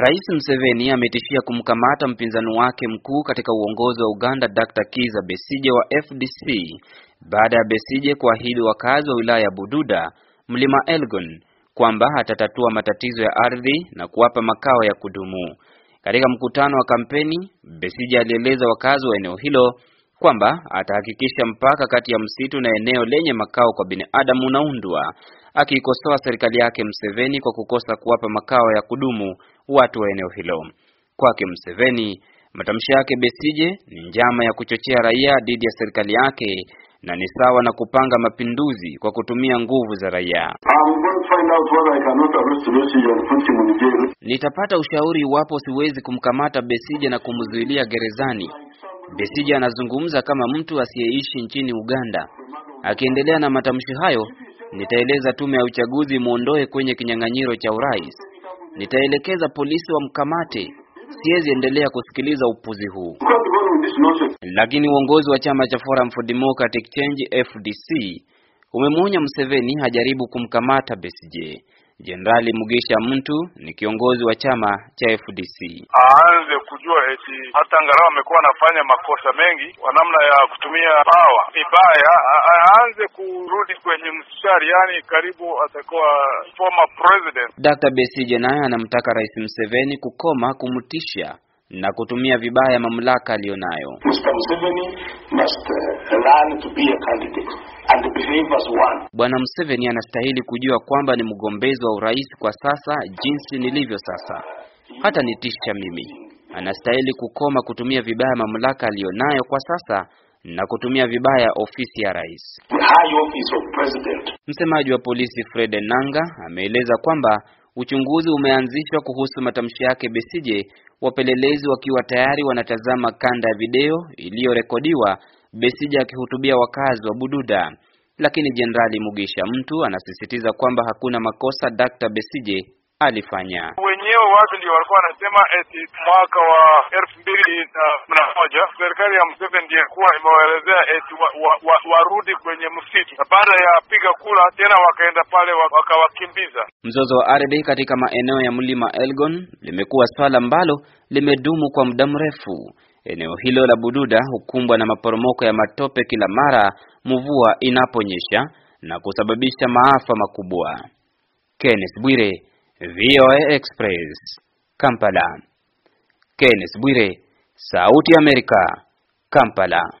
Rais Museveni ametishia kumkamata mpinzani wake mkuu katika uongozi wa Uganda Dr. Kiza Besije wa FDC baada ya Besije kuahidi wakazi wa wilaya ya Bududa, Mlima Elgon kwamba atatatua matatizo ya ardhi na kuwapa makao ya kudumu. Katika mkutano wa kampeni, Besije alieleza wakazi wa eneo hilo kwamba atahakikisha mpaka kati ya msitu na eneo lenye makao kwa binadamu unaundwa, akiikosoa serikali yake Mseveni kwa kukosa kuwapa makao ya kudumu watu wa eneo hilo. Kwake Mseveni, matamshi yake Besije ni njama ya kuchochea raia dhidi ya serikali yake na ni sawa na kupanga mapinduzi kwa kutumia nguvu za raia. Nitapata ushauri iwapo siwezi kumkamata Besije na kumzuilia gerezani Besija anazungumza kama mtu asiyeishi nchini Uganda. Akiendelea na matamshi hayo, nitaeleza tume ya uchaguzi muondoe kwenye kinyang'anyiro cha urais. Nitaelekeza polisi wamkamate. Siwezi endelea kusikiliza upuzi huu. Lakini uongozi wa chama cha Forum for Democratic Change FDC umemwonya mseveni hajaribu kumkamata besije Jenerali Mugisha Muntu ni kiongozi wa chama cha FDC. Aanze kujua eti hata angalau amekuwa anafanya makosa mengi kwa namna ya kutumia pawa vibaya, aanze kurudi kwenye mstari, yani karibu atakuwa former president. Dr. Besigye naye anamtaka Rais Museveni kukoma kumtisha na kutumia vibaya mamlaka aliyonayo. Uh, Bwana Museveni anastahili kujua kwamba ni mgombezi wa urais kwa sasa, jinsi nilivyo sasa, hata nitisha mimi. Anastahili kukoma kutumia vibaya mamlaka aliyonayo kwa sasa na kutumia vibaya ofisi ya rais. Msemaji wa polisi Fred Enanga ameeleza kwamba Uchunguzi umeanzishwa kuhusu matamshi yake Besije, wapelelezi wakiwa tayari wanatazama kanda ya video iliyorekodiwa Besije akihutubia wakazi wa Bududa. Lakini Jenerali Mugisha Mtu anasisitiza kwamba hakuna makosa Dr. Besije alifanya wenyewe watu ndio walikuwa wanasema eti mwaka wa elfu mbili na kumi na moja serikali ya Museveni ndiyo kuwa imewaelezea eti warudi wa, wa kwenye msitu, na baada ya piga kula tena wakaenda pale wakawakimbiza. Mzozo wa ardhi katika maeneo ya mlima Elgon limekuwa swala ambalo limedumu kwa muda mrefu. Eneo hilo la Bududa hukumbwa na maporomoko ya matope kila mara mvua inaponyesha na kusababisha maafa makubwa. Kenneth Bwire VOA Express Kampala. Kenneth Bwire, Sauti ya Amerika, Kampala.